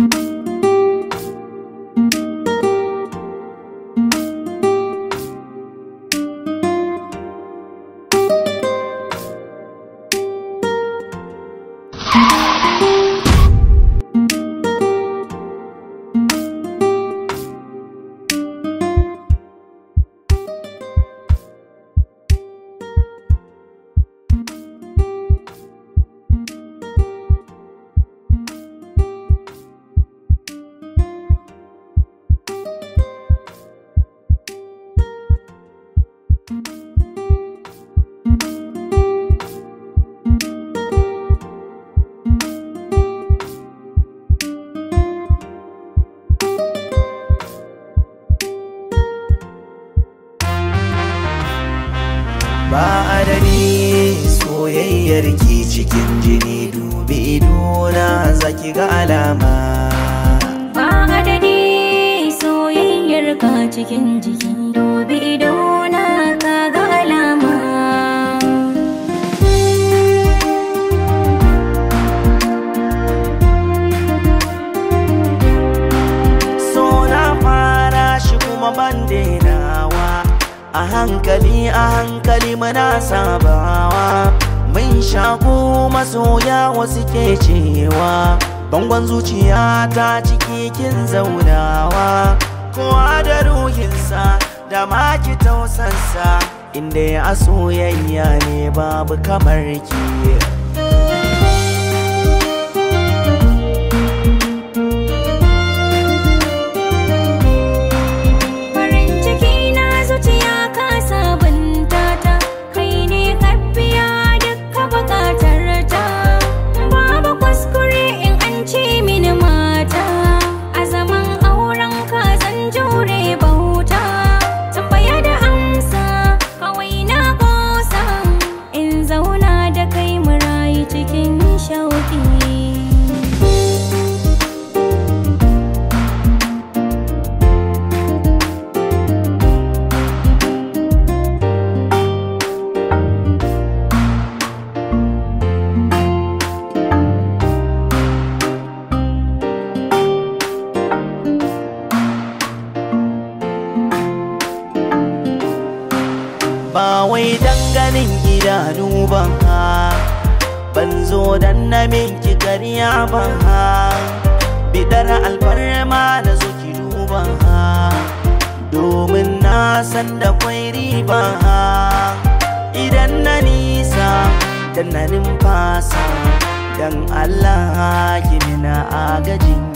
Thank you. ba a da ni soyayyar ki cikin jini dubi duna zaki ga alama ba a da ni soyayyar ka cikin jini, dubi duna a hankali a hankali muna sabawa mun shaku masoya wasu ke cewa bangon zuciya ta ciki kin zaunawa kowa da ruhinsa da maki tausansa inda ya soyayya ne babu kamar ki ba wai danganin idanu ba ha ban zo dan na miki karya ba ha bidar alfarma da zo ki ha domin na san da kwai riba ha idan na nisa dan na numfasa dan Allah ki na agajin